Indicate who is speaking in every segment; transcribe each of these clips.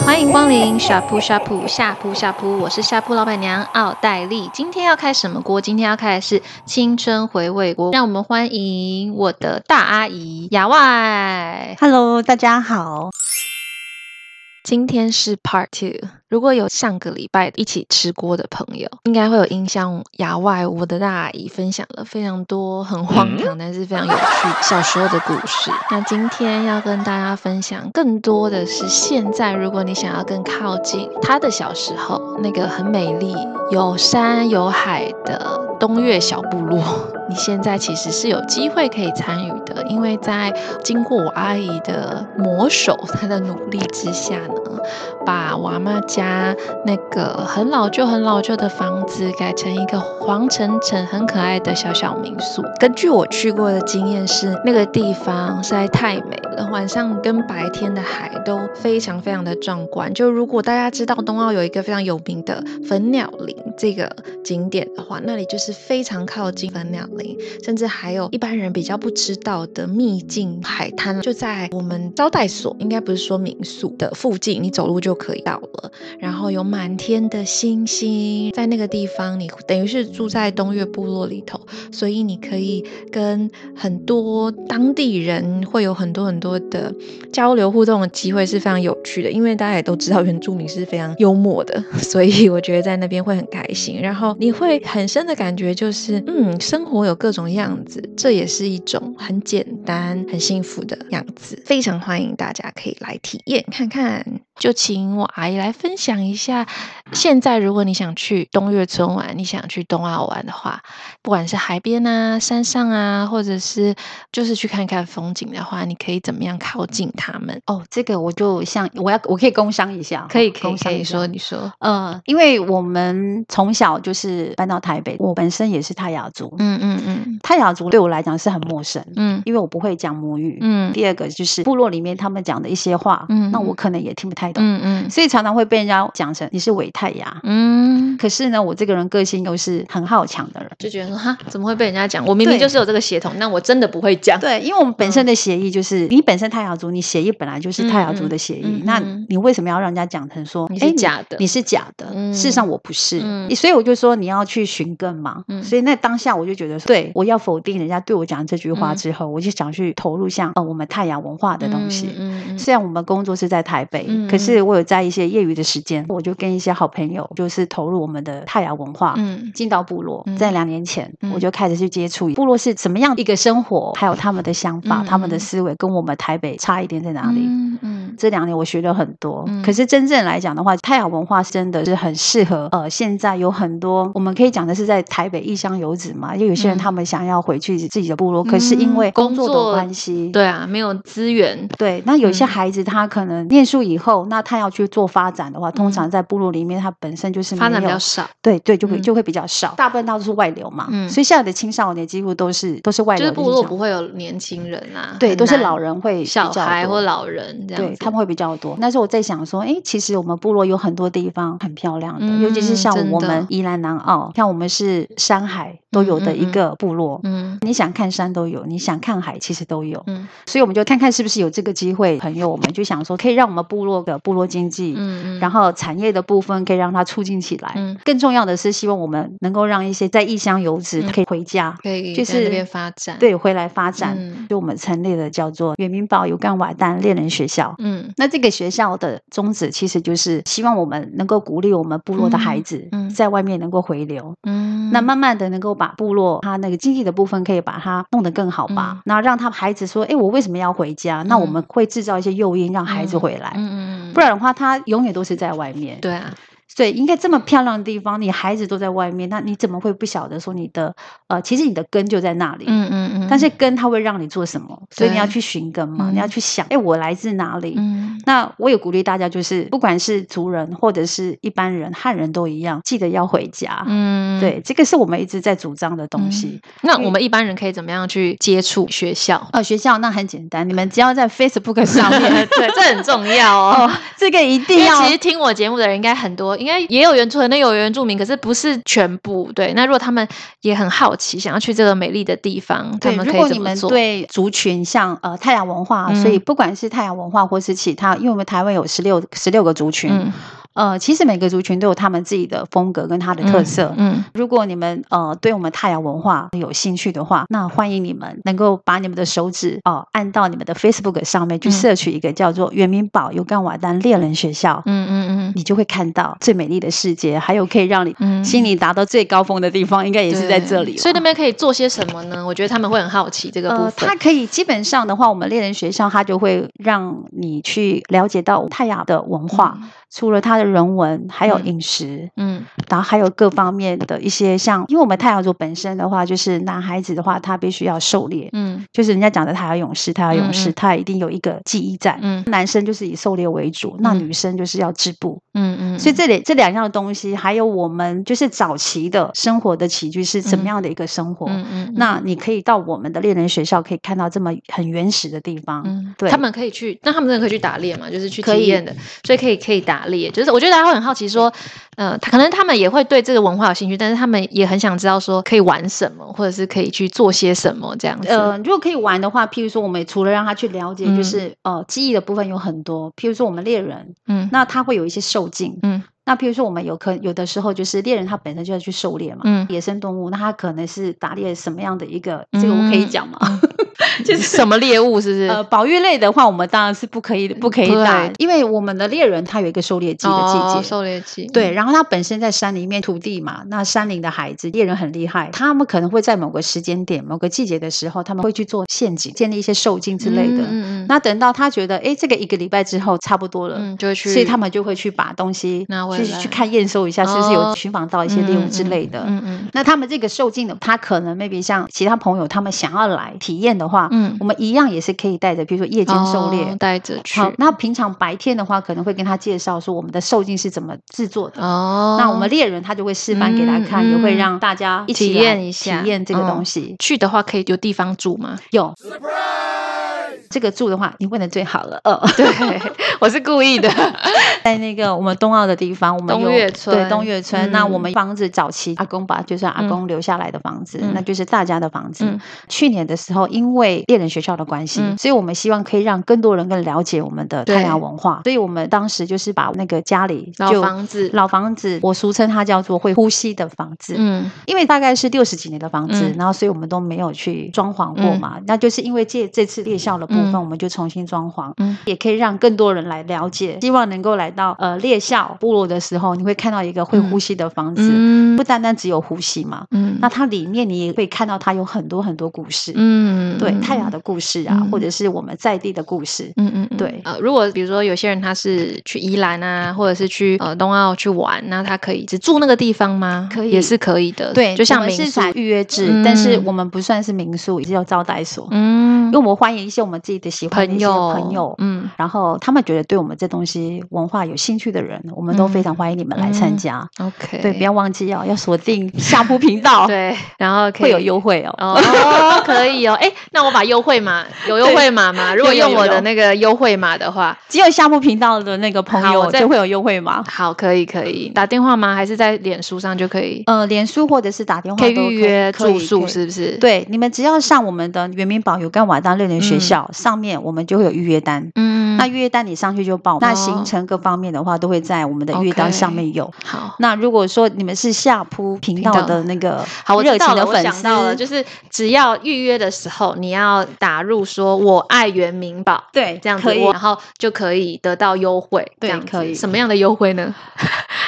Speaker 1: 歡迎光臨夏噗夏噗夏噗夏噗，我是夏噗老闆娘奧黛麗。今天要開什麼鍋？今天要開的是青春回味鍋。讓我們歡迎我的大阿姨亞外。Hello，大家好。今天是 Part Two。如果有上個禮拜一起吃鍋的朋友，應該會有印象。亞外我的大姨分享了非常多很荒唐但是非常有趣小時候的故事。嗯、那今天要跟大家分享更多的是現在，如果你想要更靠近他的小時候，那個很美麗有山有海的東澳小部落。你現在其實是有機會可以參與的，因為在經過我阿姨的磨手，她的努力之下呢，把娃媽家那個很老舊、很老舊的房子改成一個黃澄澄、很可愛的小小民宿。根據我去過的經驗是，那個地方實在太美了，晚上跟白天的海都非常非常的壯觀。就如果大家知道東澳有一個非常有名的粉鳥林這個景點的話，那裡就是非常靠近粉鳥林，甚至還有一般人比較不知道的秘境海灘，就在我們招待所（應該不是說民宿）的附近，你走路就。可以到了，然後有滿天的星星，在那個地方，你等於是住在東澳部落裡頭，所以你可以跟很多當地人會有很多很多的交流互動的機會，是非常有趣的。因為大家也都知道原住民是非常幽默的，所以我覺得在那邊會很開心。然後你會很深的感覺就是，嗯，生活有各種樣子，這也是一種很簡單、很幸福的樣子。非常歡迎大家可以來體驗看看，就請。跟我阿姨來分享一下。現在如果你想去東岳村玩，你想去東澳玩的話，不管是海邊啊、山上啊，或者是就是去看看風景的話，你可以怎麼樣靠近他們？哦，這個我就像我要我可以工商一
Speaker 2: 下，可以可以，你說你說，嗯、哦，因為我們從小就是搬到台北，我本身也是泰雅族，嗯嗯
Speaker 1: 嗯，
Speaker 2: 嗯泰雅族對我來講是很陌生，嗯，因為我不會講母語，嗯，第二個就是部落裡面他們講的一些話，嗯，那我可能也聽不太懂，嗯嗯，嗯所以常常會被人家講成你是偉。泰雅，嗯，可是呢，我這個人個性又是很好強的人，就覺得說哈，怎麼會被人家講？我明明就是有這個血統，那我真的不會講。對，因為我們本身的協議就是，你本身泰雅族，你協議本來就是泰雅族的協議，那你為什麼要讓人家講成說你是假的？你是假的？事實上我不是，所以我就說你要去尋根嘛。所以那當下我就覺得說，對我要否定人家對我講這句話之後，我就想去投入像我們泰雅文化的東西。雖然我們工作是在台北，可是我有在一些業餘的時間，我就跟一些好。朋友就是投入我們的太雅文化，嗯，進到部落，嗯、在兩年前、嗯、我就開始去接觸部落是怎麼樣一個生活，還有他們的想法、嗯、他們的思維跟我們台北差一點在哪裡？
Speaker 1: 嗯，嗯，
Speaker 2: 這兩年我學了很多，嗯、可是真正來講的話，太雅文化真的是很適合。呃，現在有很多我們可以講的是在台北異鄉遊子嘛，因為有些人他們想要回去自己的部落，嗯、可是因為工作的關係，對啊，沒有資源，對。那有些孩子他可能念書以後，那他要去做發展的話，通常在部落裡面、嗯。嗯它本身就是發展比較少，對對，就會就會比較少，大半都是外流嘛，所以現在的青少年幾乎都是都是外流。這個部落不
Speaker 1: 會有年輕人啊，對，都是老
Speaker 2: 人會，小孩或老
Speaker 1: 人這樣，對他
Speaker 2: 們會比較多。那時候我在想說，哎，其實我們部落有很多地方很漂亮的，尤其是像我們宜蘭南澳，像我們是山海都有的一個部落，嗯，你想看山都有，你想看海其實都有，嗯，所以我們就看看是不是有這個機會，朋友，我們就想說可以讓我們部落的部落經濟，嗯嗯，然後產業的部分。可以讓他促進起來。更重要的是，希望我們能夠讓一些在異鄉游子他可以回家，可以就是那邊發展。對，回來發展。就我們成立了叫做原民寶尤幹瓦旦獵人學校。嗯，那這個學校的宗旨其實就是希望我們能夠鼓勵我們部落的孩子，在外面能夠回流。嗯，那慢慢的能夠把部落他那個經濟的部分可以把它弄得更好吧。那讓他孩子說：“哎，我為什麼要回家？”那我們會製造一些誘因讓孩子回來。嗯嗯嗯。不然的話，他永遠都是在外面。對啊。對，應該這麼漂亮的地方，你孩子都在外面，那你怎麼會不曉得說你的呃，其實你的根就在那裡。嗯嗯嗯。但是根它會讓你做什麼？所以你要去尋根嘛，你要去想，哎，我來自哪裡？嗯。那我也鼓勵大家，就是不管是族人或者是一般人，漢人都一樣，記得要回家。嗯。對，這個是我們一直在主張的東西。那我們一般人可以怎麼樣去接觸學校？呃，學校
Speaker 1: 那很簡單，你們只要在 Facebook 上面，對，這很重要哦，這個一定要。其實聽我節目的人應該很多。應該也有原住，那有原住民，可是不是全部。對，那如果
Speaker 2: 他們也很好奇，想要去這個美麗的地方，他們可以怎麼做？對，如果你們對族群像，像呃泰雅文化，嗯、所以不管是泰雅文化或是其他，因為我們台灣有十六十六個族群。嗯呃，其實每個族群都有他們自己的風格跟他的特色。嗯，嗯如果你們呃對我們泰雅文化有興趣的話，那歡迎你們能夠把你們的手指哦、呃、按到你們的 Facebook 上面去 search 一個叫做“原民寶尤幹瓦旦獵人學校”嗯。嗯嗯嗯，你就會看到最美麗的世界，還有可以讓你心裡達到最高峰的地方，應該也是在這裡。所以
Speaker 1: 那邊可以做些什麼呢？我覺得他們會很好奇這個部分。呃、它
Speaker 2: 可以基本上的話，我們獵人學校它就會讓你去了解到泰雅的文化，嗯、除了它的。人文還有飲食嗯，嗯，然後還有各方面的一些，像因為我們泰雅族本身的話，就是男孩子的話，他必須要狩獵，嗯，就是人家講的泰雅勇士，泰雅勇士，嗯嗯他一定有一個記憶在，嗯，男生就是以狩獵為主，那女生就是要織布。嗯嗯嗯嗯，嗯，所以這裡這兩樣東西，還有我們就是早期的生活的起居是怎麼樣的一個生活？嗯，嗯，嗯，嗯，那你可以到我們的獵人學校可以看到這麼很原始的地方，嗯，對他們
Speaker 1: 可以去，那他們真的可以去打獵嗎？就是去體驗的，可以，所以可以可以打獵，就是我覺得大家會很好奇說。嗯，他、呃、可能他們也會對這個文化有興趣，但是他們也很想知道說可以玩什麼，或者是可以去做些什麼這樣
Speaker 2: 子。嗯、呃，如果可以玩的話，譬如說我們除了讓他去了解，就是、嗯、呃，記憶的部分有很多。譬如說我們獵人，嗯，那他會有一些狩獵。嗯，那譬如說我們有可有的時候就是獵人他本身就要去狩獵嘛，嗯，野生動物，那他可能是打獵什麼樣的一個，嗯、這個我可以講嗎？嗯這、就是什麼獵物？是不是？呃，保育類的話，我們當然是不可以、不可以帶，對因為我們的獵人他有一個狩獵季的季節、哦哦，狩獵季。嗯、對，然後他本身在山裡面、土地嘛，那山林的孩子，獵人很厲害，他們可能會在某個時間點、某個季節的時候，他們會去做陷阱，建立一些獸阱之類的。嗯,嗯嗯。那等到他覺得，哎、欸，這個一個禮拜之後差不多了，嗯、就去，所以他們就會去把東西拿回來，去去看驗收一下，哦、是不是有尋訪到一些獵物之類的。嗯,嗯嗯。嗯嗯那他們這個獸阱的，他可能 maybe 像其他朋友他們想要來體驗的話。嗯，我們一樣也是可以帶着，比如說夜間狩獵，帶着去。好，那平常白天的話，可能會跟他介紹說我們的獸鏡是怎麼製作的哦。那我們獵人他就會示範給他看，也、嗯嗯、會讓大家一起體驗一下這個東
Speaker 1: 西、嗯。去的話可以有地方住嗎？有。
Speaker 2: 這個住的話，你問得最好了。哦，對，我是故意的，在那個我們東澳的地方，我們東岳村，對，東岳村。那我們房子早期阿公把就是阿公留下來的房子，那就是大家的房子。去年的時候，因為獵人學校的關係，所以我們希望可以讓更多人更了解我們的泰雅文化。所以，我們當時就是把那個家裡老房子，老房子，我俗稱它叫做會呼吸的房子。嗯。因為大概是六十幾年的房子，然後所以我們都沒有去裝潢過嘛。那就是因為借這次獵校的。部分我們就重新裝潢，也可以讓更多人來了解。希望能夠來到呃獵校部落的時候，你會看到一個會呼吸的房子，不單單只有呼吸嘛，那它裡面你也會看到它有很多很多故事，嗯，對，泰雅的故事啊，或者是我們在地的故事，嗯嗯，對，呃，如果比如說有些人他是去宜蘭啊，
Speaker 1: 或者是去呃東澳去玩，那他可以只住那個地方嗎？可以，也是可
Speaker 2: 以的，對，就像民宿預約制，但是我們不算是民宿，也是叫招待所，嗯。因為我們歡迎一些我們自己的喜歡的一些朋友，嗯，然後他們覺得對我們這東西文化有興趣的人，我們都非常歡迎你們來參加。OK，對，不要忘記哦，要鎖定夏噗頻道，對，然後會有優惠哦。哦，
Speaker 1: 可以哦，哎，那我把優惠碼，有優惠碼嗎？如果用我的那個優惠碼的話，只有夏噗頻道的那個朋友就會有優
Speaker 2: 惠碼。好，可以，可以打電話嗎？還是在臉書上就可以？嗯，臉書或者是打電話可以預約住宿，是不是？對，你們只要上我們的原民寶尤幹瓦旦到六年學校、嗯、上面，我們就會有預約單。嗯。那預約單你上去就報，那行程各方面的話都會在我們的預約單上面有。好，那如果說你們是夏噗頻道的那個好，我熱情的粉絲，就是
Speaker 1: 只要預約的時候你要打入說我愛原民寶，對，這樣可以。然後就可以得到優惠，對，可以。什麼樣的優惠呢？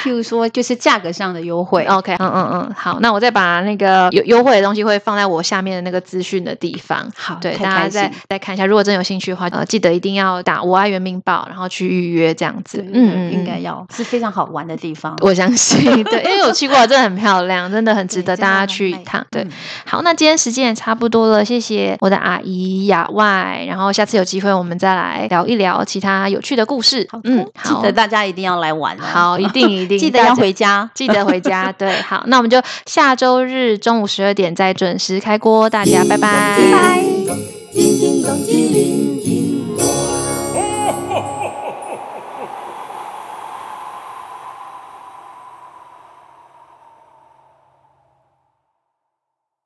Speaker 1: 譬如說就是價格上的優惠。OK，嗯嗯嗯，好，那我再把那個優優惠的東西會放在我下面的那個資訊的地方。好，對，大家再再看一下，如果真有興趣的話，呃，記得一定要打我。原民寶，然後去預約這樣子，對，嗯，應該
Speaker 2: 要是非常好玩的地方，我相信。對，因為我去過，真的
Speaker 1: 很漂亮，真的很值得大家去一趟。對，好，那今天時間也差不多了，謝謝我的阿姨亞外，然後下次有機會我們再來聊一聊其他有趣的故事。好，嗯，好，記得大家一定要來玩，好，一定一定記得要回家，記得回家。對，好，那我們就下周日中午十二點再準時開鍋，大家拜拜。拜拜。